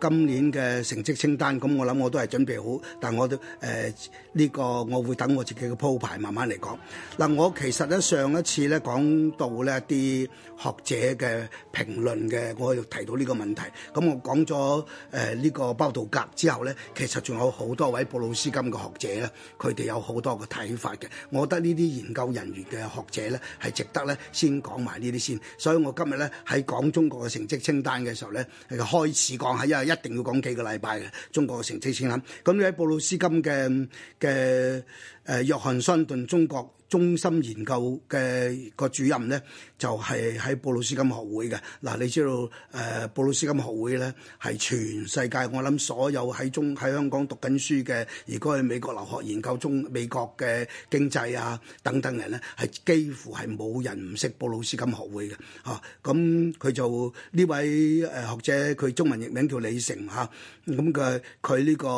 今年嘅成績清單，咁我諗我都係準備好，但我都誒呢、呃這個我會等我自己嘅鋪排，慢慢嚟講。嗱、呃，我其實咧上一次咧講到咧一啲學者嘅評論嘅，我又提到呢個問題咁、嗯、我講咗誒呢個包道格之後咧，其實仲有好多位布魯斯金嘅學者咧，佢哋有好多嘅睇法嘅。我覺得呢啲研究人員嘅學者咧係值得咧先講埋呢啲先。所以我今日咧喺講中國嘅成績清單嘅時候咧，係開始講喺一月一。一定要講幾個禮拜嘅中國嘅成績先啦，咁你喺布魯斯金嘅嘅誒約翰桑頓中國。中心研究嘅個主任咧，就係喺布魯斯金學會嘅嗱。你知道誒布魯斯金學會咧，係全世界我諗所有喺中喺香港讀緊書嘅，如果係美國留學研究中美國嘅經濟啊等等嘅咧，係幾乎係冇人唔識布魯斯金學會嘅吓，咁、啊、佢、嗯、就呢位誒學者，佢中文譯名叫李成吓，咁佢佢呢個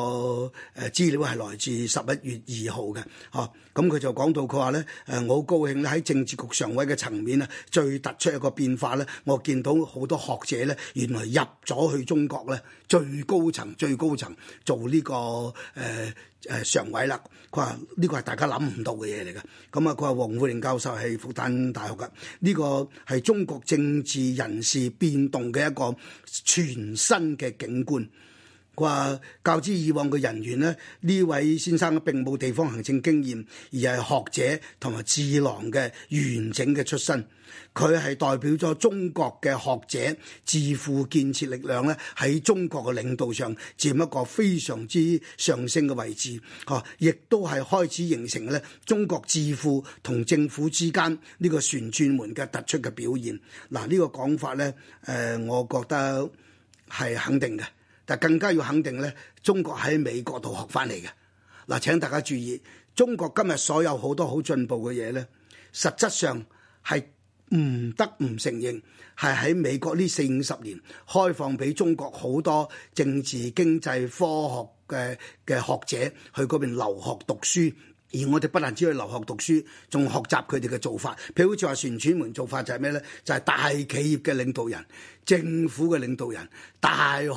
誒資料係來自十一月二號嘅吓，咁、啊、佢、嗯、就講到佢話咧。誒，我好高興咧！喺政治局常委嘅層面咧，最突出一個變化咧，我見到好多學者咧，原來入咗去中國咧最高層最高層做呢、這個誒誒、呃、常委啦。佢話呢個係大家諗唔到嘅嘢嚟嘅。咁啊，佢話王滬寧教授係復旦大學嘅，呢個係中國政治人事變動嘅一個全新嘅景觀。話較之以往嘅人員咧，呢位先生並冇地方行政經驗，而係學者同埋智囊嘅完整嘅出身。佢係代表咗中國嘅學者智庫建設力量咧，喺中國嘅領導上佔一個非常之上升嘅位置。嚇、啊，亦都係開始形成咧中國智庫同政府之間呢個旋轉門嘅突出嘅表現。嗱、啊，呢、這個講法呢，誒、呃，我覺得係肯定嘅。但更加要肯定咧，中國喺美國度學翻嚟嘅嗱。請大家注意，中國今日所有好多好進步嘅嘢咧，實質上係唔得唔承認，係喺美國呢四五十年開放俾中國好多政治、經濟、科學嘅嘅學者去嗰邊留學讀書，而我哋不但止去留學讀書仲學習佢哋嘅做法。譬如好似話旋轉門做法就係咩咧？就係大企業嘅領導人、政府嘅領導人、大學。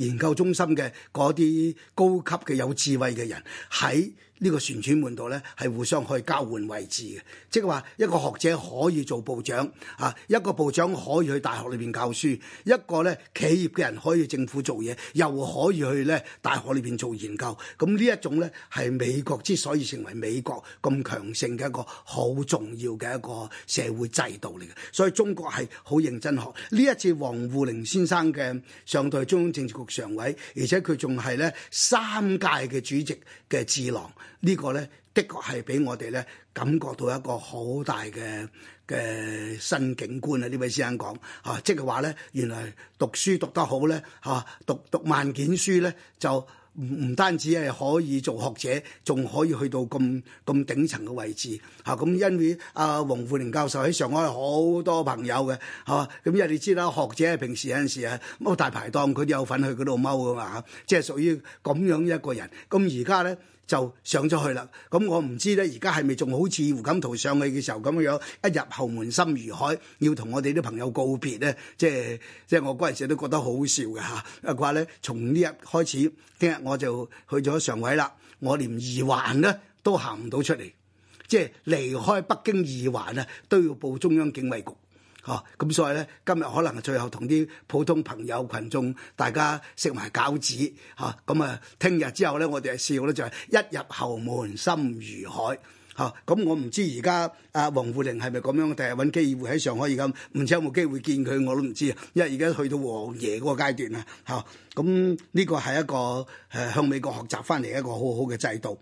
研究中心嘅嗰啲高級嘅有智慧嘅人喺，呢個旋轉門度呢，係互相可以交換位置嘅，即係話一個學者可以做部長，嚇一個部長可以去大學裏邊教書，一個呢企業嘅人可以政府做嘢，又可以去咧大學裏邊做研究。咁呢一種呢，係美國之所以成為美國咁強盛嘅一個好重要嘅一個社會制度嚟嘅，所以中國係好認真學呢一次王滬寧先生嘅上代中央政治局常委，而且佢仲係呢三屆嘅主席嘅智囊。呢個咧，的確係俾我哋咧感覺到一個好大嘅嘅新景觀啊！呢位先生講嚇，即係話咧，原來讀書讀得好咧嚇，讀讀萬卷書咧就唔唔單止係可以做學者，仲可以去到咁咁頂層嘅位置嚇。咁因為阿黃富寧教授喺上海好多朋友嘅嚇，咁因為你知啦，學者平時有陣時啊踎大排檔，佢都有份去嗰度踎噶嘛嚇，即係屬於咁樣一個人。咁而家咧。就上咗去啦，咁、嗯、我唔知咧，而家係咪仲好似胡錦濤上去嘅時候咁樣，一入後門深如海，要同我哋啲朋友告別咧，即係即係我嗰陣時都覺得好笑嘅嚇，話、啊、咧從呢日開始，聽日我就去咗常委啦，我連二環咧都行唔到出嚟，即係離開北京二環啊，都要報中央警衛局。哦，咁所以咧，今日可能係最後同啲普通朋友群眾大家食埋餃子，嚇咁啊！聽日之後咧，我哋嘅笑咧就係一入侯門心如海，嚇咁我唔知而家阿黃富玲係咪咁樣，定係揾機會喺上海而咁，唔知有冇機會見佢我都唔知啊！因為而家去到王爺嗰個階段啊，嚇咁呢個係一個誒向美國學習翻嚟一個好好嘅制度。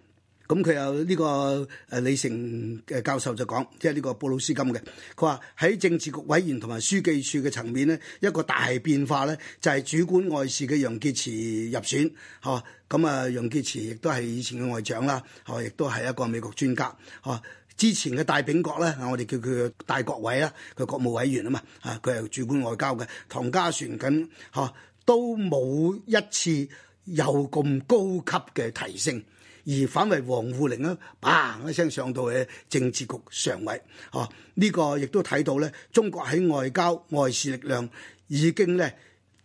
咁佢有呢個誒李成嘅教授就講，即係呢個布魯斯金嘅，佢話喺政治局委員同埋書記處嘅層面呢一個大變化咧，就係主管外事嘅楊潔篪入選，嚇咁啊楊潔篪亦都係以前嘅外長啦，嚇亦都係一個美國專家，嚇之前嘅戴秉國咧，我哋叫佢戴國委啦，佢國務委員啊嘛，嚇佢係主管外交嘅，唐家璇咁嚇都冇一次有咁高級嘅提升。而反為王滬寧咧，叭一聲上到嘅政治局常委，哦、啊，呢、這個亦都睇到咧，中國喺外交外事力量已經咧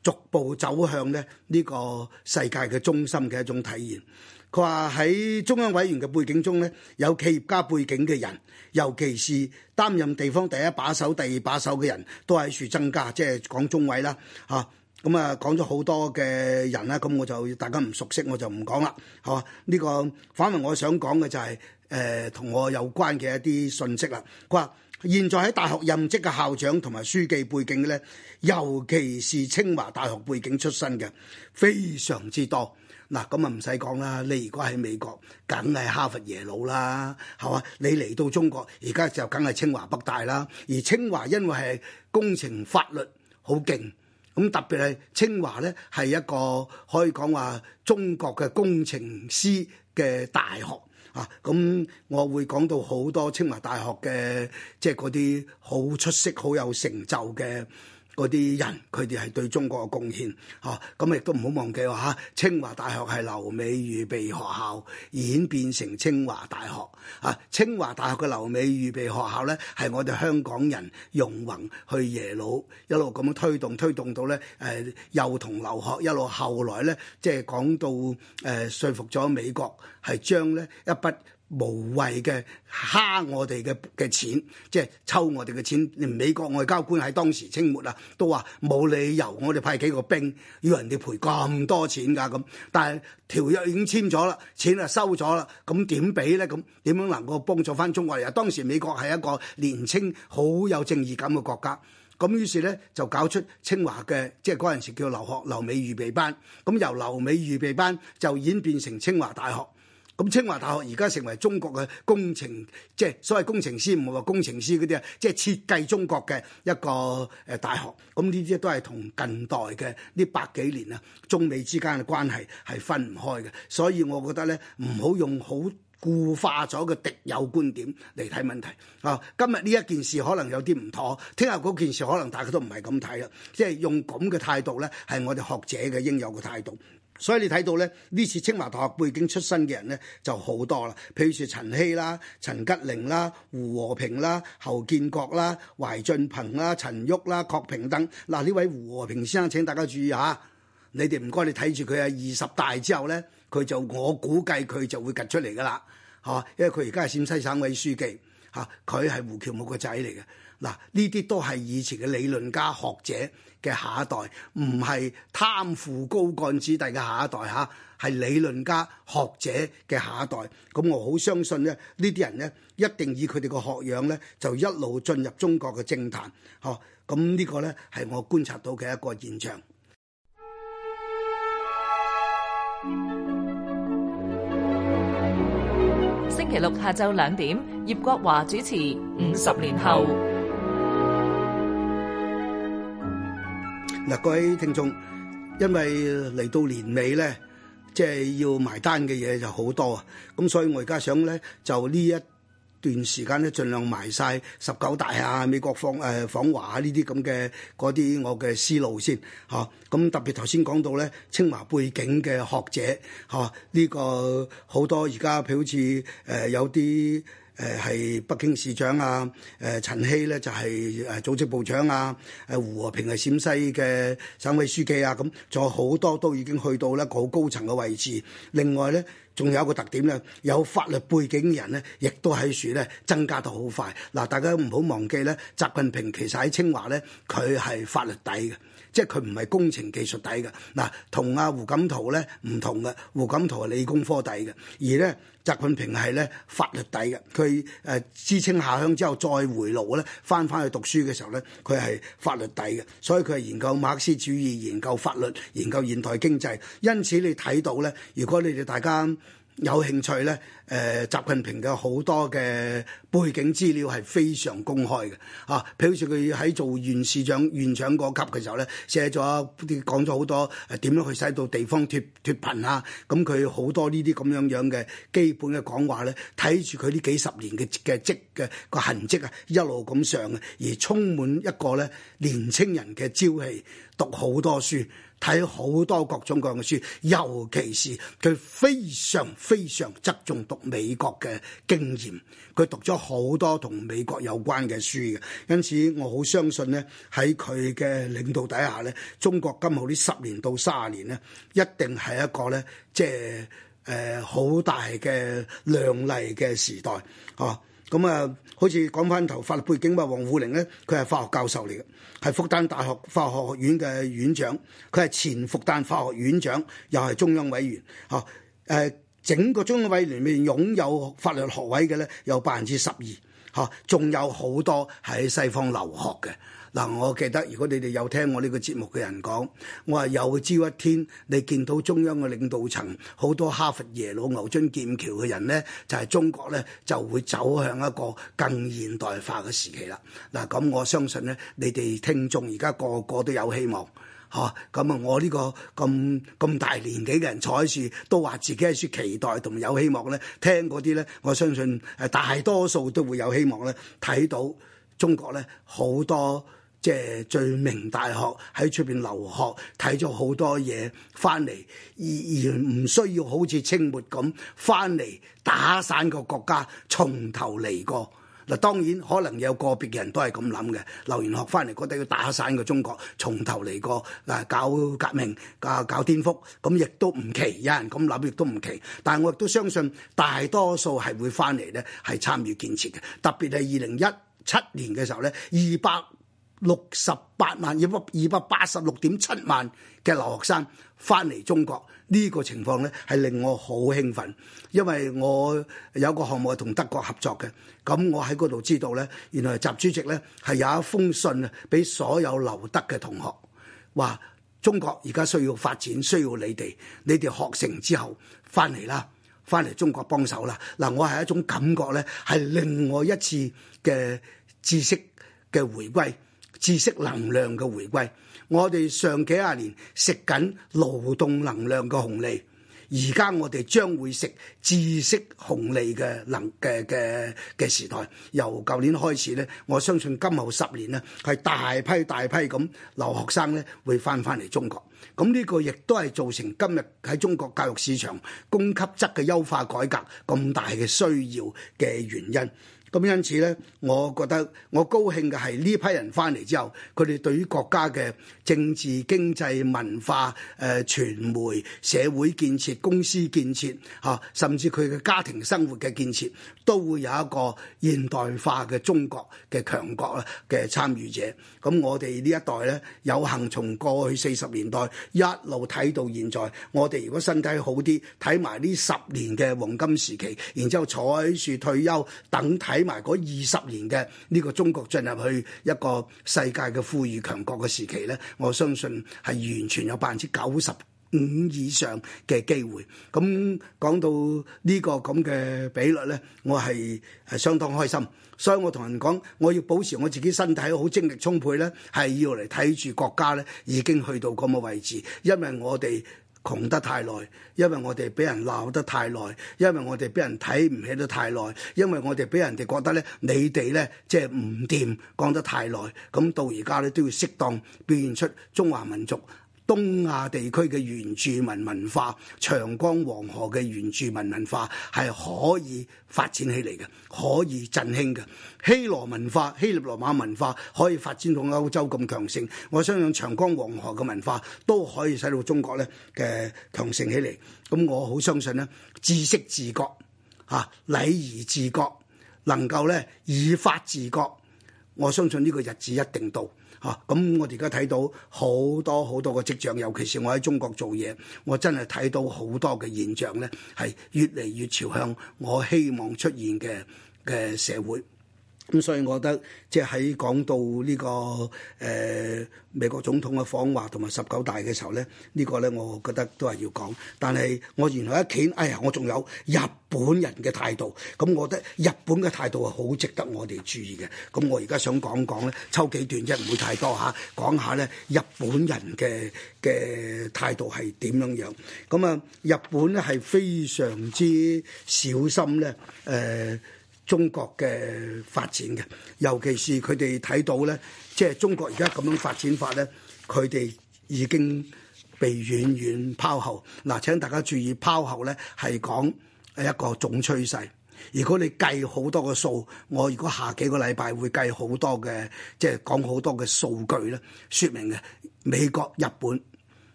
逐步走向咧呢、這個世界嘅中心嘅一種體現。佢話喺中央委員嘅背景中咧，有企業家背景嘅人，尤其是擔任地方第一把手、第二把手嘅人，都喺處增加，即係講中委啦，嚇、啊。咁啊，講咗好多嘅人啦，咁我就大家唔熟悉我就唔講啦，係嘛？呢個反為我想講嘅就係誒同我有關嘅一啲信息啦。佢話現在喺大學任職嘅校長同埋書記背景嘅咧，尤其是清華大學背景出身嘅非常之多。嗱，咁啊唔使講啦，你如果喺美國，梗係哈佛耶魯啦，係嘛？你嚟到中國，而家就梗係清華北大啦。而清華因為係工程法律好勁。咁特別係清華咧，係一個可以講話中國嘅工程師嘅大學啊！咁我會講到好多清華大學嘅即係嗰啲好出色、好有成就嘅。嗰啲人佢哋係對中國嘅貢獻，嚇咁亦都唔好忘記喎嚇。清華大學係留美預備學校演變成清華大學啊！清華大學嘅留美預備學校咧，係我哋香港人容閎去耶魯，一路咁樣推動推動到咧誒幼童留學，一路後來咧即係講到誒、呃、說服咗美國係將咧一筆。無謂嘅蝦我哋嘅嘅錢，即係抽我哋嘅錢。連美國外交官喺當時清末啊，都話冇理由我哋派幾個兵要人哋賠咁多錢㗎、啊、咁。但係條約已經簽咗啦，錢啊收咗啦，咁點俾咧？咁點樣能夠幫助翻中國？又當時美國係一個年青、好有正義感嘅國家。咁於是咧就搞出清華嘅，即係嗰陣時叫留學留美預備班。咁由留美預備班就演變成清華大學。咁清華大學而家成為中國嘅工程，即係所謂工程師，唔係話工程師嗰啲啊，即係設計中國嘅一個誒大學。咁呢啲都係同近代嘅呢百幾年啊，中美之間嘅關係係分唔開嘅。所以我覺得咧，唔好用好固化咗嘅敵友觀點嚟睇問題。啊，今日呢一件事可能有啲唔妥，聽日嗰件事可能大家都唔係咁睇啦。即係用咁嘅態度咧，係我哋學者嘅應有嘅態度。所以你睇到咧，呢次清華大學背景出身嘅人咧就好多啦。譬如説陳希啦、陳吉寧啦、胡和平啦、侯建國啦、懷進鵬啦、陳旭啦、郭平等。嗱，呢位胡和平先生，請大家注意嚇，你哋唔該你睇住佢啊！二十大之後咧，佢就我估計佢就會趌出嚟噶啦，嚇、啊，因為佢而家係陝西省委書記嚇，佢、啊、係胡喬木個仔嚟嘅。嗱、啊，呢啲都係以前嘅理論家學者嘅下一代唔係貪腐高幹子弟嘅下一代吓，係理論家學者嘅下一代。咁、啊、我好相信咧，呢啲人咧一定以佢哋個學養咧，就一路進入中國嘅政壇吓，咁、啊、呢個咧係我觀察到嘅一個現象。星期六下晝兩點，葉國華主持《五十年後》。嗱，各位聽眾，因為嚟到年尾咧，即係要埋單嘅嘢就好多啊，咁所以我而家想咧，就呢一段時間咧，儘量埋晒十九大啊、美國訪誒、呃、訪華啊呢啲咁嘅嗰啲我嘅思路先，嚇、啊，咁特別頭先講到咧，清華背景嘅學者，嚇、啊，呢、這個好多而家譬如好似誒、呃、有啲。誒係北京市長啊！誒陳希咧就係誒組織部長啊！誒胡和平係陝西嘅省委書記啊！咁仲有好多都已經去到一個好高層嘅位置。另外咧，仲有一個特點咧，有法律背景嘅人咧，亦都喺選咧增加到好快。嗱，大家唔好忘記咧，習近平其實喺清華咧，佢係法律底嘅。即係佢唔係工程技術底嘅，嗱，同阿胡錦濤咧唔同嘅，胡錦濤係理工科底嘅，而咧習近平係咧法律底嘅，佢誒知青下鄉之後再回爐咧，返返去讀書嘅時候咧，佢係法律底嘅，所以佢係研究馬克思主義，研究法律，研究現代經濟，因此你睇到咧，如果你哋大家，有興趣咧，誒、呃、習近平嘅好多嘅背景資料係非常公開嘅，啊，譬如佢喺做縣市長、縣長嗰級嘅時候咧，寫咗講咗好多誒點樣去使到地方脫脫貧啊，咁佢好多呢啲咁樣樣嘅基本嘅講話咧，睇住佢呢幾十年嘅嘅跡嘅個痕跡啊，一路咁上嘅，而充滿一個咧年青人嘅朝氣，讀好多書。睇好多各種各樣嘅書，尤其是佢非常非常側重讀美國嘅經驗。佢讀咗好多同美國有關嘅書嘅，因此我好相信呢，喺佢嘅領導底下呢，中國今後呢十年到三十年呢一定係一個呢，即係誒好大嘅亮麗嘅時代哦。啊。咁啊、嗯，好似講翻頭法律背景嘛，王滬寧咧，佢係法學教授嚟嘅，係復旦大學法學院嘅院長，佢係前復旦法學院長，又係中央委員，嚇、嗯，誒整個中央委員裏面擁有法律學位嘅咧，有百分之十二，嚇、嗯，仲有好多喺西方留學嘅。嗱，我記得如果你哋有聽我呢個節目嘅人講，我話有朝一天你見到中央嘅領導層，好多哈佛、耶魯、牛津、劍橋嘅人呢，就係中國呢就會走向一個更現代化嘅時期啦。嗱，咁我相信呢，你哋聽眾而家個個都有希望，嚇。咁啊，我呢個咁咁大年紀嘅人坐喺處都話自己係樹期待同有希望呢。聽嗰啲呢，我相信誒大多數都會有希望呢。睇到中國呢好多。即係罪名大學喺出邊留學睇咗好多嘢翻嚟，而而唔需要好似清末咁翻嚟打散個國家，從頭嚟過。嗱，當然可能有個別嘅人都係咁諗嘅，留完學翻嚟覺得要打散個中國，從頭嚟過，嗱，搞革命啊，搞顛覆，咁亦都唔奇，有人咁諗亦都唔奇。但係我亦都相信大多數係會翻嚟咧係參與建設嘅，特別係二零一七年嘅時候咧二百，六十八萬二百二百八十六點七萬嘅留學生翻嚟中國，呢、呢個情況呢，係令我好興奮，因為我有個項目係同德國合作嘅，咁我喺嗰度知道呢，原來習主席呢係有一封信啊，俾所有留德嘅同學，話中國而家需要發展，需要你哋，你哋學成之後翻嚟啦，翻嚟中國幫手啦。嗱，我係一種感覺呢，係另外一次嘅知識嘅回歸。知識能量嘅回歸，我哋上幾十年食緊勞動能量嘅紅利，而家我哋將會食知識紅利嘅能嘅嘅嘅時代。由舊年開始咧，我相信今後十年咧係大批大批咁留學生咧會返返嚟中國，咁、這、呢個亦都係造成今日喺中國教育市場供給側嘅優化改革咁大嘅需要嘅原因。咁因此咧，我覺得我高興嘅係呢批人翻嚟之後，佢哋對於國家嘅政治、經濟、文化、誒、呃、傳媒、社會建設、公司建設吓、啊，甚至佢嘅家庭生活嘅建設都會有一個現代化嘅中國嘅強國啊嘅參與者。咁我哋呢一代咧，有幸從過去四十年代一路睇到現在，我哋如果身體好啲，睇埋呢十年嘅黃金時期，然之後坐喺樹退休等睇埋嗰二十年嘅呢個中國進入去一個世界嘅富裕強國嘅時期咧，我相信係完全有百分之九十五以上嘅機會。咁講到呢個咁嘅比率咧，我係係相當開心。所以我同人講，我要保持我自己身體好，精力充沛咧，係要嚟睇住國家咧已經去到咁嘅位置，因為我哋。窮得太耐，因為我哋俾人鬧得太耐，因為我哋俾人睇唔起得太耐，因為我哋俾人哋覺得咧，你哋咧即係唔掂，講、就是、得太耐，咁到而家咧都要適當表現出中華民族。東亞地區嘅原住民文化、長江黃河嘅原住民文化係可以發展起嚟嘅，可以振興嘅。希羅文化、希臘羅馬文化可以發展到歐洲咁強盛，我相信長江黃河嘅文化都可以使到中國咧嘅強盛起嚟。咁我好相信咧，知識自覺嚇，禮儀自覺，能夠咧以法治國，我相信呢個日子一定到。嚇！咁、啊、我哋而家睇到好多好多嘅跡象，尤其是我喺中國做嘢，我真係睇到好多嘅現象咧，係越嚟越朝向我希望出現嘅嘅社會。咁、嗯、所以，我覺得即係喺講到呢、這個誒、呃、美國總統嘅訪華同埋十九大嘅時候咧，呢、這個咧我覺得都係要講。但係我原來一睇，哎呀，我仲有日本人嘅態度。咁我覺得日本嘅態度係好值得我哋注意嘅。咁我而家想講講咧，抽幾段啫，唔會太多嚇、啊。講下咧，日本人嘅嘅態度係點樣樣？咁啊，日本咧係非常之小心咧，誒、呃。中國嘅發展嘅，尤其是佢哋睇到咧，即係中國而家咁樣發展法咧，佢哋已經被遠遠拋後。嗱，請大家注意，拋後咧係講一個總趨勢。如果你計好多個數，我如果下幾個禮拜會計好多嘅，即係講好多嘅數據咧，説明嘅美國、日本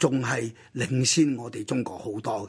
仲係領先我哋中國好多嘅。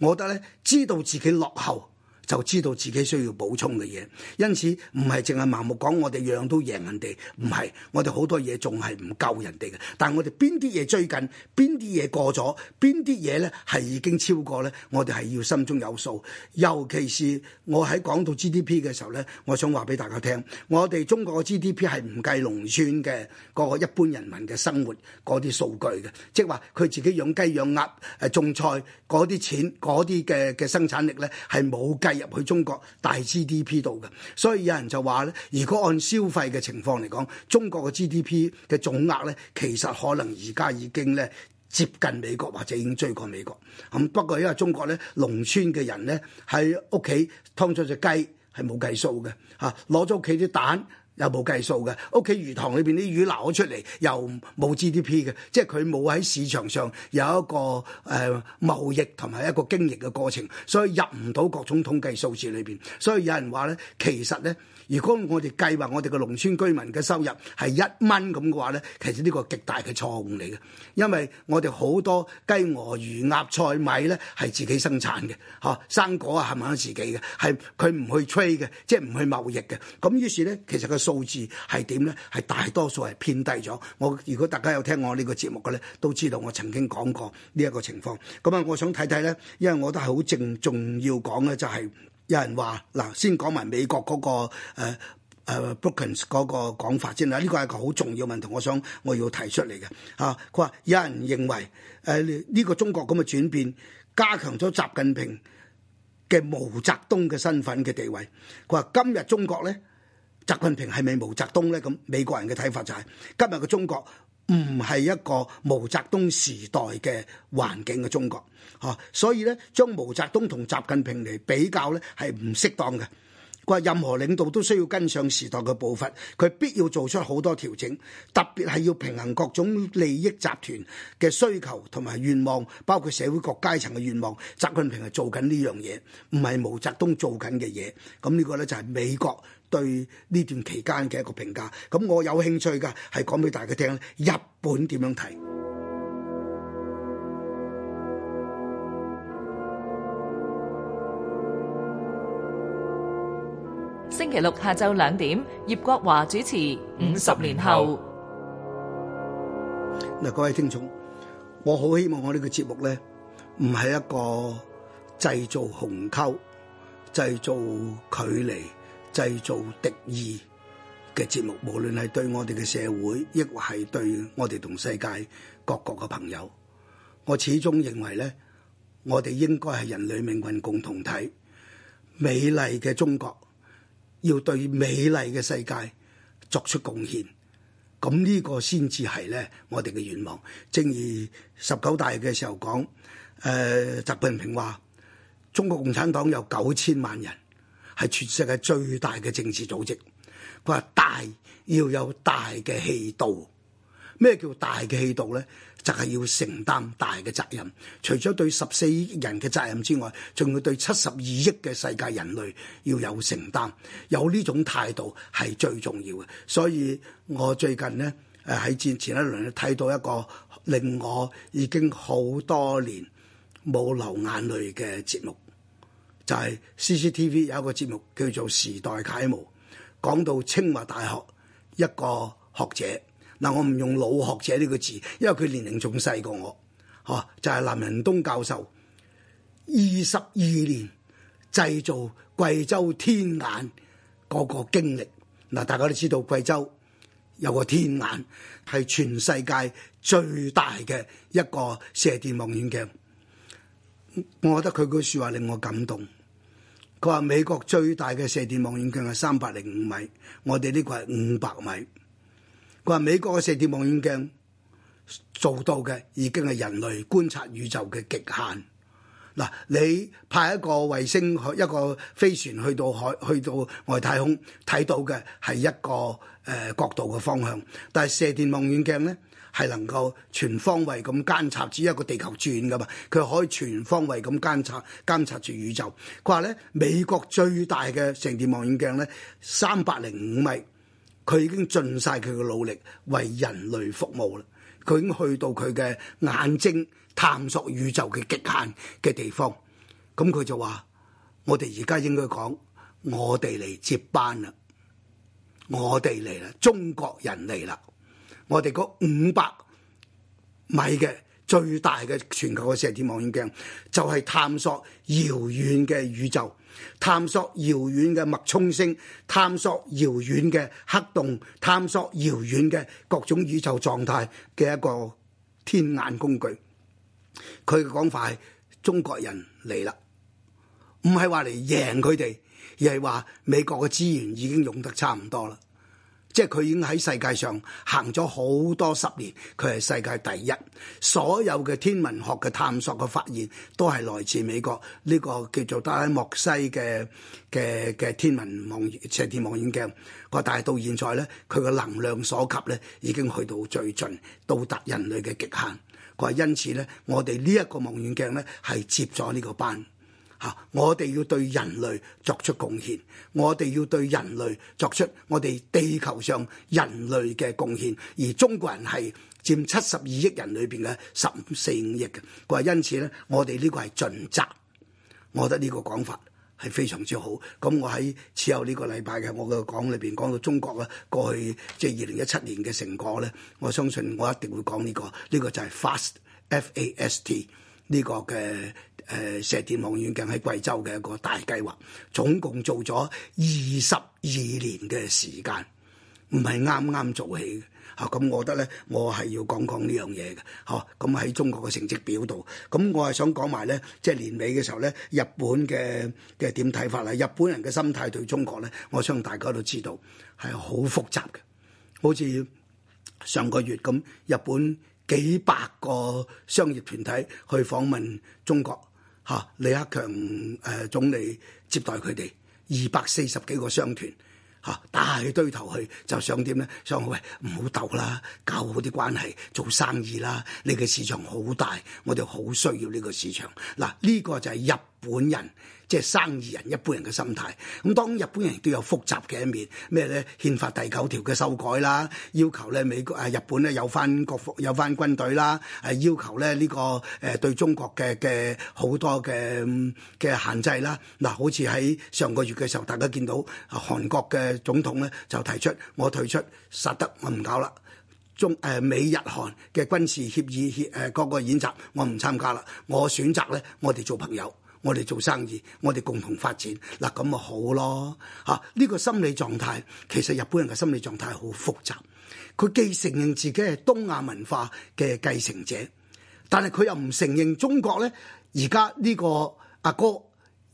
我覺得咧，知道自己落後。就知道自己需要補充嘅嘢，因此唔係淨係盲目講我哋樣樣都贏人哋，唔係，我哋好多嘢仲係唔夠人哋嘅。但係我哋邊啲嘢追緊邊啲嘢過咗，邊啲嘢咧係已經超過咧，我哋係要心中有數，尤其是我喺講到 GDP 嘅時候咧，我想話俾大家聽，我哋中國嘅 GDP 係唔計農村嘅嗰個一般人民嘅生活啲數據嘅，即係話佢自己養雞養鴨誒種菜嗰啲錢嗰啲嘅嘅生產力咧係冇計。入去中國大 GDP 度嘅，所以有人就話咧，如果按消費嘅情況嚟講，中國嘅 GDP 嘅總額咧，其實可能而家已經咧接近美國或者已經追過美國。咁不過因為中國咧，農村嘅人咧喺屋企劏咗隻雞係冇計數嘅嚇，攞咗屋企啲蛋。有冇計數嘅，屋企魚塘裏邊啲魚撈咗出嚟又冇 GDP 嘅，即係佢冇喺市場上有一個誒、呃、貿易同埋一個經營嘅過程，所以入唔到各種統計數字裏邊。所以有人話咧，其實咧，如果我哋計劃我哋嘅農村居民嘅收入係一蚊咁嘅話咧，其實呢個極大嘅錯誤嚟嘅，因為我哋好多雞鵝魚鴨菜米咧係自己生產嘅，嚇、啊、生果啊係咪自己嘅？係佢唔去 trade 嘅，即係唔去貿易嘅。咁於是咧，其實個數數字係點咧？係大多數係偏低咗。我如果大家有聽我個節呢個節目嘅咧，都知道我曾經講過呢一個情況。咁、嗯、啊，我想睇睇咧，因為我覺得係好正重要講嘅就係有人話嗱，先講埋美國嗰、那個誒誒 Buchan 嗰個講法先啦。呢、這個係一個好重要問題，我想我要提出嚟嘅嚇。佢、啊、話有人認為誒呢、呃這個中國咁嘅轉變，加強咗習近平嘅毛澤東嘅身份嘅地位。佢話今日中國咧。習近平係咪毛澤東咧？咁美國人嘅睇法就係今日嘅中國唔係一個毛澤東時代嘅環境嘅中國，吓，所以咧，將毛澤東同習近平嚟比較咧，係唔適當嘅。佢任何領導都需要跟上時代嘅步伐，佢必要做出好多調整，特別係要平衡各種利益集團嘅需求同埋願望，包括社會各階層嘅願望。習近平係做緊呢樣嘢，唔係毛澤東做緊嘅嘢。咁呢個呢，就係美國對呢段期間嘅一個評價。咁我有興趣嘅係講俾大家聽，日本點樣睇？星期六下晝兩點，葉國華主持《五十年後》。嗱，各位聽眾，我好希望我呢個節目咧，唔係一個製造鴻溝、製造距離、製造敵意嘅節目。無論係對我哋嘅社會，亦或係對我哋同世界各國嘅朋友，我始終認為咧，我哋應該係人類命運共同體，美麗嘅中國。要對美麗嘅世界作出貢獻，咁呢個先至係咧我哋嘅願望。正如十九大嘅時候講，誒、呃、習近平話：中國共產黨有九千萬人，係全世界最大嘅政治組織。佢話大要有大嘅氣度。咩叫大嘅氣度呢？就係要承擔大嘅責任。除咗對十四億人嘅責任之外，仲要對七十二億嘅世界人類要有承擔。有呢種態度係最重要嘅。所以，我最近呢，誒喺前前一輪睇到一個令我已經好多年冇流眼淚嘅節目，就係 CCTV 有一個節目叫做《時代楷模》，講到清華大學一個學者。嗱，我唔用老學者呢個字，因為佢年齡仲細過我，嚇、啊、就係南仁東教授，二十二年製造貴州天眼嗰個經歷。嗱、啊，大家都知道貴州有個天眼係全世界最大嘅一個射電望遠鏡。我覺得佢句説話令我感動。佢話美國最大嘅射電望遠鏡係三百零五米，我哋呢個係五百米。佢話美國嘅射電望遠鏡做到嘅已經係人類觀察宇宙嘅極限。嗱，你派一個衛星、一個飛船去到海、去到外太空睇到嘅係一個誒、呃、角度嘅方向，但係射電望遠鏡咧係能夠全方位咁監察住一個地球轉㗎嘛，佢可以全方位咁監察監察住宇宙。佢話咧，美國最大嘅射電望遠鏡咧，三百零五米。佢已經盡晒佢嘅努力為人類服務啦！佢已經去到佢嘅眼睛探索宇宙嘅極限嘅地方，咁佢就話：我哋而家應該講我哋嚟接班啦！我哋嚟啦，中國人嚟啦！我哋嗰五百米嘅最大嘅全球嘅射電望遠鏡就係探索遙遠嘅宇宙。探索遙遠嘅脈衝星，探索遙遠嘅黑洞，探索遙遠嘅各種宇宙狀態嘅一個天眼工具。佢嘅講法係中國人嚟啦，唔係話嚟贏佢哋，而係話美國嘅資源已經用得差唔多啦。即係佢已經喺世界上行咗好多十年，佢係世界第一。所有嘅天文學嘅探索嘅發現都係來自美國呢、呢個叫做德拉莫西嘅嘅嘅天文望射電望遠鏡。佢話但係到現在咧，佢嘅能量所及咧已經去到最盡，到達人類嘅極限。佢話因此咧，我哋呢一個望遠鏡咧係接咗呢個班。嚇、啊！我哋要對人類作出貢獻，我哋要對人類作出我哋地球上人類嘅貢獻，而中國人係佔七十二億人裏邊嘅十四五億嘅。佢話因此咧，我哋呢個係盡責。我覺得呢個講法係非常之好。咁我喺此後呢個禮拜嘅我嘅講裏邊講到中國咧，過去即係二零一七年嘅成果咧，我相信我一定會講呢、這個，呢、這個就係 FAST F A S T 呢個嘅。誒射電望遠鏡喺貴州嘅一個大計劃，總共做咗二十二年嘅時間，唔係啱啱做起嚇。咁我覺得咧，我係要講講呢樣嘢嘅嚇。咁喺中國嘅成績表度，咁我係想講埋咧，即係年尾嘅時候咧，日本嘅嘅點睇法啦？Of, 日本人嘅心態對中國咧，我相信大家都知道係好複雜嘅，好似上個月咁，日本幾百個商業團體去訪問中國。李克強誒總理接待佢哋二百四十幾個商團，打起堆頭去就想點咧？想喂，唔好鬥啦，搞好啲關係做生意啦。呢個市場好大，我哋好需要呢個市場。嗱，呢個就係日本人。即係生意人、一般人嘅心態。咁當日本人都有複雜嘅一面咩咧？憲法第九條嘅修改啦，要求咧美國誒、啊、日本咧有翻國防、有翻軍隊啦，係、啊、要求咧、這、呢個誒、呃、對中國嘅嘅好多嘅嘅、嗯、限制啦。嗱、啊，好似喺上個月嘅時候，大家見到韓國嘅總統咧就提出我退出薩德，我唔搞啦。中誒、呃、美日韓嘅軍事協議協誒各、呃那個演習，我唔參加啦。我選擇咧，我哋做朋友。我哋做生意，我哋共同發展嗱，咁咪好咯。吓，呢個心理狀態，其實日本人嘅心理狀態好複雜。佢既承認自己係東亞文化嘅繼承者，但係佢又唔承認中國咧，而家呢個阿哥。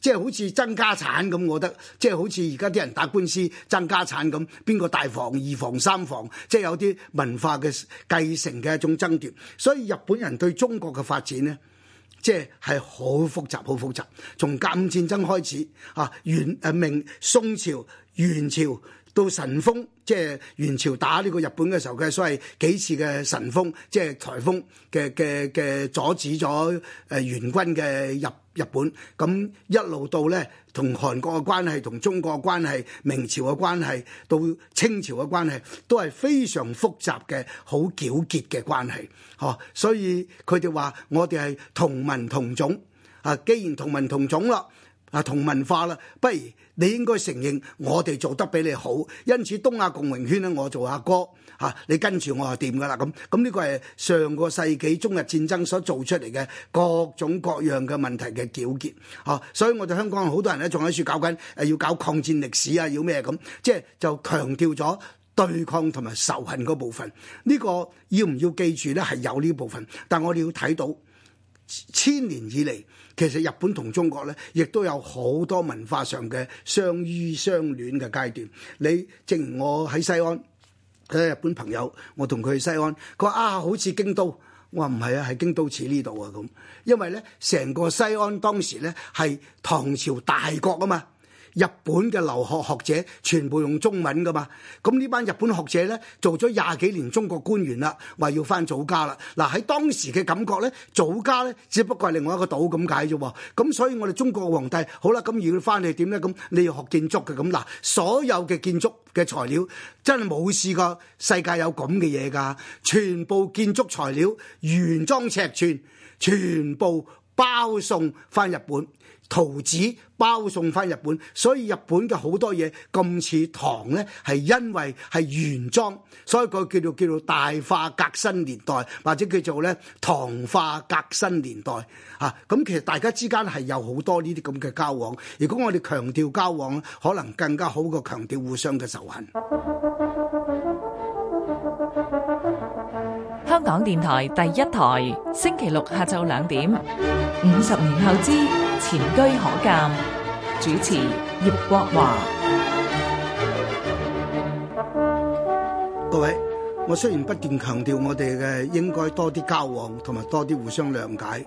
即係好似爭家產咁，我覺得即係好似而家啲人打官司爭家產咁，邊個大房二房三房，即係有啲文化嘅繼承嘅一種爭奪。所以日本人對中國嘅發展呢，即係好複雜，好複雜。從甲午戰爭開始嚇，元誒明、宋朝、元朝。到神風，即係元朝打呢個日本嘅時候，佢係所謂幾次嘅神風，即係颱風嘅嘅嘅阻止咗誒元軍嘅入日本。咁一路到咧，同韓國嘅關係、同中國嘅關係、明朝嘅關係、到清朝嘅關係，都係非常複雜嘅、好糾結嘅關係。哦，所以佢哋話我哋係同文同種啊，既然同文同種啦，啊同文化啦，不如，你應該承認我哋做得比你好，因此東亞共榮圈咧，我做阿哥嚇、啊，你跟住我就掂㗎喇咁。咁呢個係上個世紀中日戰爭所做出嚟嘅各種各樣嘅問題嘅糾結嚇、啊，所以我哋香港好多人咧，仲喺處搞緊誒、啊，要搞抗戰歷史啊，要咩咁？即係就強調咗對抗同埋仇恨嗰部分。呢、呢個要唔要記住咧？係有呢部分，但係我哋要睇到千年以嚟。其實日本同中國咧，亦都有好多文化上嘅相依相戀嘅階段。你正如我喺西安，佢係日本朋友，我同佢去西安，佢話啊好似京都，我話唔係啊，係京都似呢度啊咁。因為咧，成個西安當時咧係唐朝大國啊嘛。日本嘅留學學者全部用中文㗎嘛？咁呢班日本學者呢，做咗廿幾年中國官員啦，話要返祖家啦。嗱、啊、喺當時嘅感覺呢，祖家呢，只不過係另外一個島咁解啫。咁、啊、所以我哋中國皇帝好啦，咁要返去點呢？咁你要學建築嘅咁嗱，所有嘅建築嘅材料真係冇試過世界有咁嘅嘢㗎，全部建築材料原裝尺寸，全部包送返日本。陶瓷包送翻日本，所以日本嘅好多嘢咁似唐呢，係因為係原裝，所以佢叫做叫做大化革新年代，或者叫做咧唐化革新年代嚇。咁、啊、其實大家之間係有好多呢啲咁嘅交往。如果我哋強調交往，可能更加好過強調互相嘅仇恨。香港電台第一台，星期六下晝兩點，五十年後之。前車可鑑，主持葉國華。各位，我雖然不斷強調我哋嘅應該多啲交往，同埋多啲互相諒解，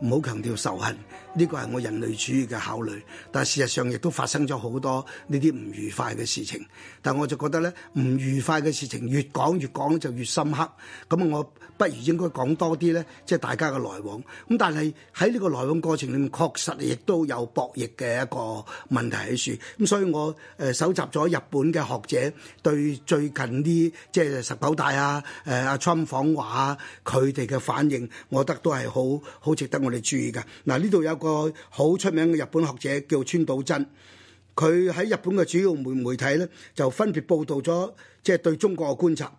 唔好強調仇恨，呢個係我人類主義嘅考慮。但事實上亦都發生咗好多呢啲唔愉快嘅事情。但我就覺得咧，唔愉快嘅事情越講越講就越深刻。咁我。不如應該講多啲呢，即係大家嘅來往。咁但係喺呢個來往過程裏面，確實亦都有博弈嘅一個問題喺處。咁所以我誒蒐集咗日本嘅學者對最近啲即係十九大啊、誒川普訪華啊，佢哋嘅反應，我覺得都係好好值得我哋注意㗎。嗱、啊，呢度有個好出名嘅日本學者叫川島真，佢喺日本嘅主要媒媒體呢，就分別報道咗即係對中國嘅觀察。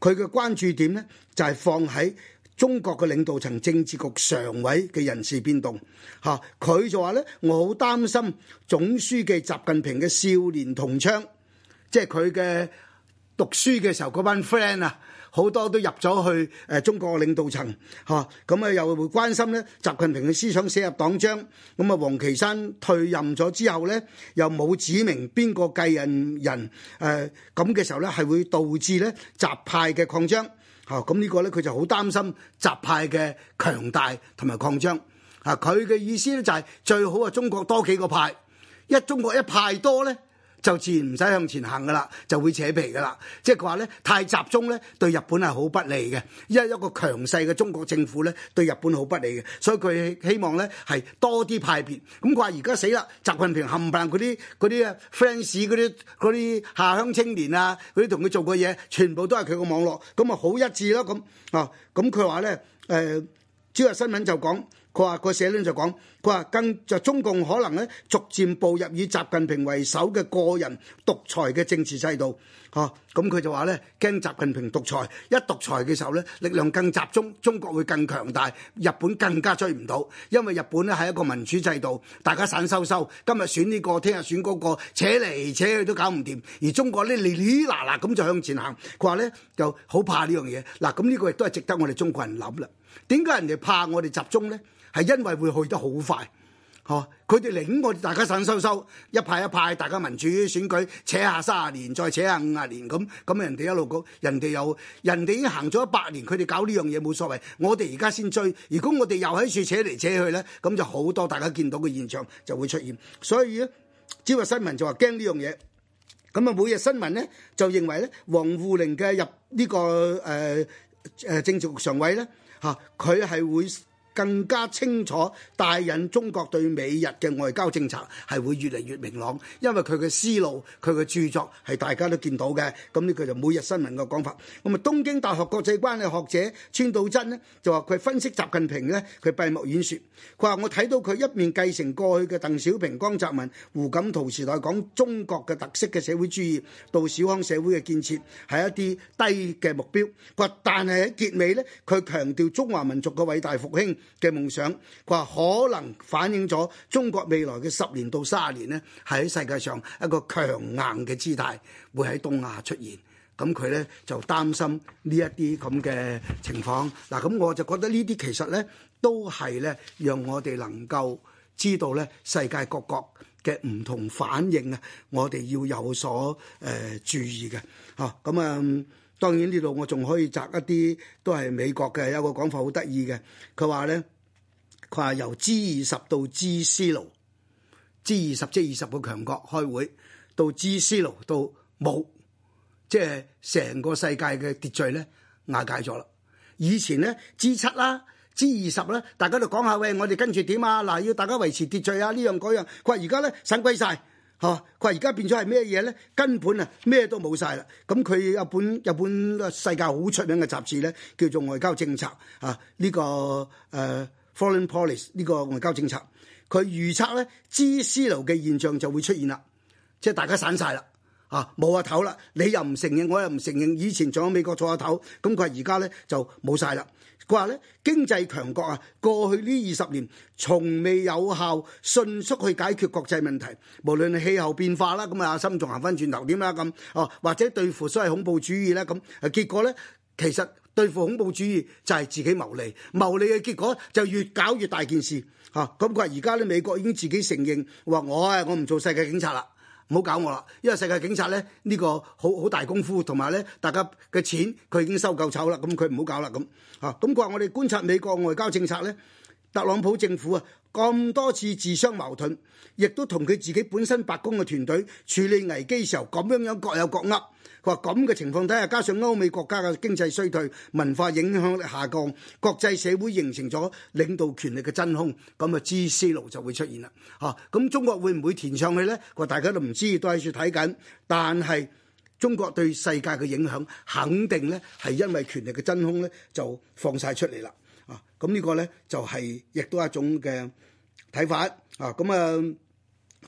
佢嘅關注點呢，就係、是、放喺中國嘅領導層政治局常委嘅人事變動嚇，佢、啊、就話呢我好擔心總書記習近平嘅少年同窗，即係佢嘅讀書嘅時候嗰班 friend 啊。好多都入咗去誒、呃、中國嘅領導層，咁啊又會關心咧習近平嘅思想寫入黨章，咁啊王岐山退任咗之後咧，又冇指明邊個繼任人誒，咁、啊、嘅時候咧係會導致咧習派嘅擴張。嚇咁呢個咧佢就好擔心習派嘅強大同埋擴張，啊佢嘅、啊、意思咧就係、是、最好啊中國多幾個派，一中國一派多咧。就自然唔使向前行噶啦，就會扯皮噶啦。即係佢話咧，太集中咧，對日本係好不利嘅。因為一一個強勢嘅中國政府咧，對日本好不利嘅。所以佢希望咧係多啲派別。咁佢話而家死啦，習近平冚唪唥嗰啲嗰啲啊 fans 嗰啲嗰啲下鄉青年啊，嗰啲同佢做過嘢，全部都係佢個網絡。咁啊好一致咯咁啊。咁佢話咧誒，朝日新聞就講。佢話個社論就講，佢話更就中共可能咧逐漸步入以習近平為首嘅個人獨裁嘅政治制度，嚇咁佢就話咧驚習近平獨裁，一獨裁嘅時候咧力量更集中，中國會更強大，日本更加追唔到，因為日本咧係一個民主制度，大家散修修，今日選呢個，聽日選嗰個，扯嚟扯去都搞唔掂，而中國咧哩哩嗱嗱咁就向前行，佢話咧就好怕呢樣嘢，嗱咁呢個亦都係值得我哋中國人諗啦。點解人哋怕我哋集中咧？係因為會去得好快，吓佢哋領，我哋大家散收收一派一派，大家民主選舉扯下三十年，再扯下五十年咁咁，人哋一路講，人哋又人哋已經行咗一百年，佢哋搞呢樣嘢冇所謂。我哋而家先追，如果我哋又喺處扯嚟扯去咧，咁就好多大家見到嘅現象就會出現。所以咧，朝日新聞就話驚呢樣嘢，咁啊，每日新聞咧就認為咧，王滬寧嘅入呢、這個誒誒、呃，政治局常委咧。吓，佢係、啊、會，更加清楚帶引中國對美日嘅外交政策係會越嚟越明朗，因為佢嘅思路、佢嘅著作係大家都見到嘅。咁呢，個就每日新聞嘅講法。咁啊，東京大學國際關係學者川島真呢就話佢分析習近平呢，佢閉幕演説。佢話我睇到佢一面繼承過去嘅鄧小平、江澤民、胡錦濤時代講中國嘅特色嘅社會主義到小康社會嘅建設係一啲低嘅目標。佢話但係喺結尾呢，佢強調中華民族嘅偉大復興。嘅夢想，佢話可能反映咗中國未來嘅十年到卅年呢，喺世界上一個強硬嘅姿態會喺東亞出現。咁佢呢就擔心呢一啲咁嘅情況。嗱，咁我就覺得呢啲其實呢都係呢，讓我哋能夠知道呢，世界各國嘅唔同反應啊，我哋要有所誒注意嘅。啊，咁、嗯、啊。當然呢度我仲可以摘一啲都係美國嘅，有個講法好得意嘅，佢話咧，佢話由 G 二十到 G 零，G 二十即係二十個強國開會，到 G 零到冇，即係成個世界嘅秩序咧瓦解咗啦。以前咧 G 七啦、G 二十啦，大家都講下喂，我哋跟住點啊？嗱，要大家維持秩序啊，呢樣嗰樣。佢話而家咧散鬼晒。嚇！佢話而家變咗係咩嘢咧？根本啊，咩都冇晒啦！咁佢有本有本世界好出名嘅雜誌咧，叫做《外交政策》啊，呢、這個誒、啊、Foreign Policy 呢個外交政策，佢預測咧，G0 嘅現象就會出現啦，即係大家散晒啦，嚇冇阿頭啦，你又唔承認，我又唔承認，以前仲有美國做阿頭，咁佢話而家咧就冇晒啦。佢話咧，經濟強國啊，過去呢二十年從未有效迅速去解決國際問題，無論氣候變化啦，咁啊，阿森仲行翻轉頭點啦咁，哦，或者對付所謂恐怖主義咧咁，結果咧其實對付恐怖主義就係自己謀利，謀利嘅結果就越搞越大件事，嚇咁佢話而家咧美國已經自己承認話我啊，我唔做世界警察啦。唔好搞我啦，因為世界警察咧，呢個好好大功夫，同埋咧，大家嘅錢，佢已經收夠籌啦，咁佢唔好搞啦咁。吓。咁佢話我哋觀察美國外交政策咧。特朗普政府啊咁多次自相矛盾，亦都同佢自己本身白宮嘅團隊處理危機時候咁樣樣各有各噏。佢話咁嘅情況底下，加上歐美國家嘅經濟衰退、文化影響力下降，國際社會形成咗領導權力嘅真空，咁啊，之思路就會出現啦。吓、啊，咁中國會唔會填上去咧？佢話大家都唔知，都喺處睇緊。但係中國對世界嘅影響，肯定咧係因為權力嘅真空咧就放晒出嚟啦。啊，咁呢個呢，就係、係、亦都一種嘅睇法啊！咁啊，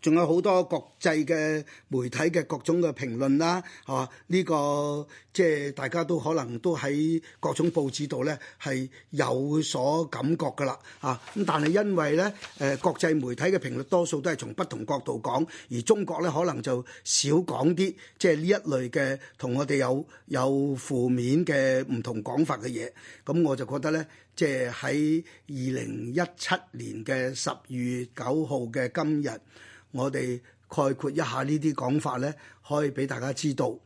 仲有好多國際嘅媒體嘅各種嘅評論啦，啊，呢、呢個即係、即係、大家都可能都喺各種報紙度呢係有所感覺噶啦，啊，咁但係因為呢誒國際媒體嘅評論多數都係從不同角度講，而中國呢可能就少講啲即係呢一類嘅同我哋有有負面嘅唔同講法嘅嘢，咁我就覺得呢。即係喺二零一七年嘅十二月九號嘅今日，我哋概括一下呢啲講法咧，可以俾大家知道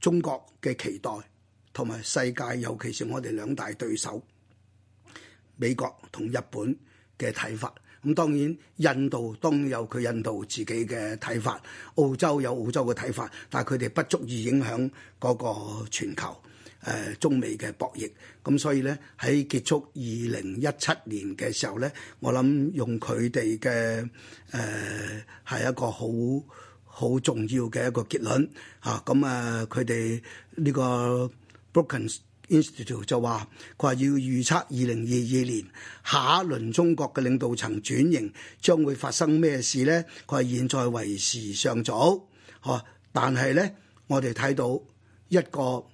中國嘅期待同埋世界，尤其是我哋兩大對手美國同日本嘅睇法。咁當然印度當然有佢印度自己嘅睇法，澳洲有澳洲嘅睇法，但係佢哋不足以影響嗰個全球。誒中美嘅博弈咁，所以咧喺結束二零一七年嘅時候咧，我諗用佢哋嘅誒係一個好好重要嘅一個結論嚇。咁啊，佢哋呢個 Brookings Institute 就話佢話要預測二零二二年下一輪中國嘅領導層轉型將會發生咩事咧？佢話現在為時尚早嚇，啊，但係咧我哋睇到一個。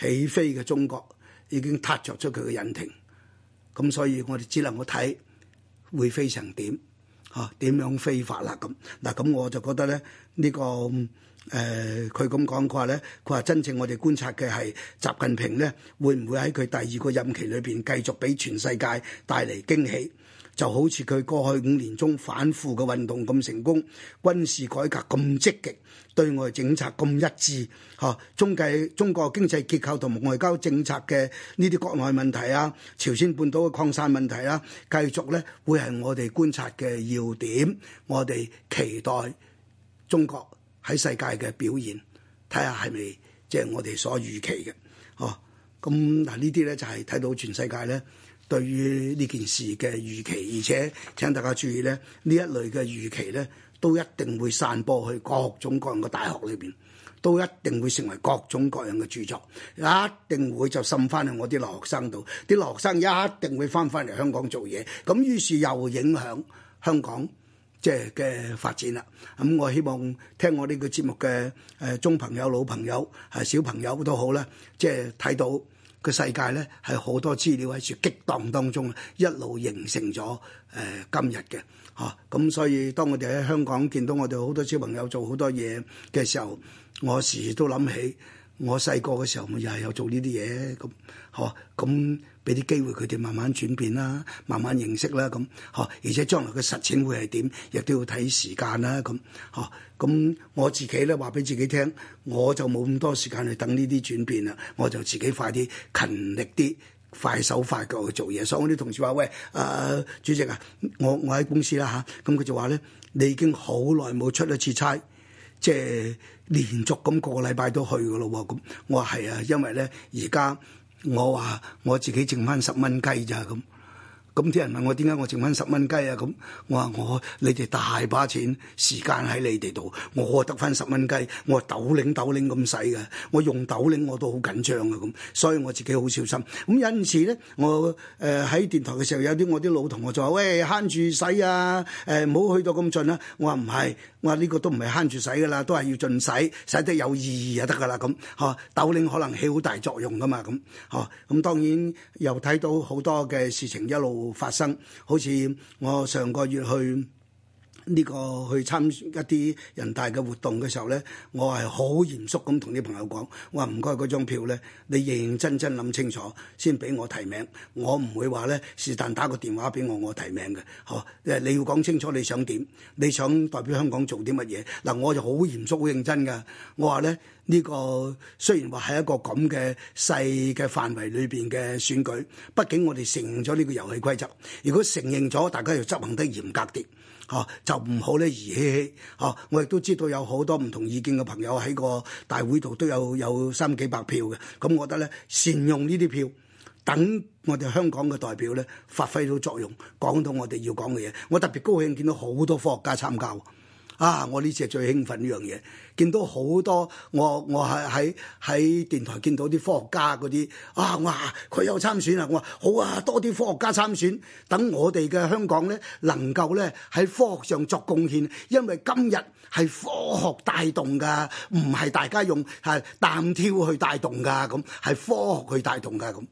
起飛嘅中國已經撻着出佢嘅引擎，咁所以我哋只能夠睇會飛成點吓，點樣飛法啦，咁嗱，咁我就覺得咧呢個誒佢咁講嘅話咧，佢話真正我哋觀察嘅係習近平咧，會唔會喺佢第二個任期裏邊繼續俾全世界帶嚟驚喜？就好似佢過去五年中反腐嘅運動咁成功，軍事改革咁積極，對外政策咁一致，嚇、啊、中繼中國經濟結構同外交政策嘅呢啲國內問題啊，朝鮮半島嘅擴散問題啊，繼續咧會係我哋觀察嘅要點，我哋期待中國喺世界嘅表現，睇下係咪即係我哋所預期嘅，哦、啊，咁嗱呢啲咧就係、是、睇到全世界咧。對於呢件事嘅預期，而且請大家注意咧，呢一類嘅預期咧，都一定會散播去各種各樣嘅大學裏邊，都一定會成為各種各樣嘅著作，一定會就滲翻去我啲留學生度，啲留學生一定會翻返嚟香港做嘢，咁於是又影響香港即係嘅發展啦。咁我希望聽我呢個節目嘅誒中朋友、老朋友、啊小朋友都好啦，即係睇到。個世界咧係好多資料喺住激盪當中，一路形成咗誒、呃、今日嘅嚇。咁、啊、所以當我哋喺香港見到我哋好多小朋友做好多嘢嘅時候，我時時都諗起我細個嘅時候，咪又係有做呢啲嘢咁嚇咁。啊啊俾啲機會佢哋慢慢轉變啦，慢慢認識啦咁，嚇！而且將來嘅實踐會係點，亦都要睇時間啦咁，嚇！咁我自己咧話俾自己聽，我就冇咁多時間去等呢啲轉變啦，我就自己快啲勤力啲，快手快腳去做嘢。所以我啲同事話：喂，啊、呃、主席啊，我我喺公司啦嚇，咁佢就話咧，你已經好耐冇出一次差，即係連續咁個禮拜都去嘅咯喎。咁我話係啊，因為咧而家。我話，我自己剩翻十蚊雞咋咁。咁啲人問我點解我剩翻十蚊雞啊？咁我話我你哋大把錢時間喺你哋度，我得翻十蚊雞，我斗零斗零咁使嘅，我用斗零我都好緊張嘅咁，所以我自己好小心。咁有陣時咧，我誒喺、呃、電台嘅時候有啲我啲老同學就話：喂，慳住使啊！誒、呃，唔好去到咁盡啊！我話唔係，我話呢個都唔係慳住使噶啦，都係要盡使，使得有意義就得噶啦，咁嚇斗零可能起好大作用噶嘛咁嚇，咁、嗯嗯、當然又睇到好多嘅事情一路。發生。好似我上個月去呢個去參一啲人大嘅活動嘅時候呢，我係好嚴肅咁同啲朋友講，我話唔該嗰張票呢，你認認真真諗清楚先俾我提名，我唔會話呢，是但打個電話俾我我提名嘅。嗬，你要講清楚你想點，你想代表香港做啲乜嘢，嗱，我就好嚴肅好認真噶，我話呢。呢個雖然話係一個咁嘅細嘅範圍裏邊嘅選舉，畢竟我哋承認咗呢個遊戲規則。如果承認咗，大家要執行得嚴格啲，哦，就唔好咧兒戲戲。哦，我亦都知道有好多唔同意見嘅朋友喺個大會度都有有三幾百票嘅，咁、嗯、我覺得咧善用呢啲票，等我哋香港嘅代表咧發揮到作用，講到我哋要講嘅嘢。我特別高興見到好多科學家參加。啊！我呢次係最興奮呢樣嘢，見到好多我我係喺喺電台見到啲科學家嗰啲啊！我話佢有參選啊！我話好啊，多啲科學家參選，等我哋嘅香港咧能夠咧喺科學上作貢獻，因為今日係科學帶動㗎，唔係大家用係單挑去帶動㗎，咁係科學去帶動㗎咁。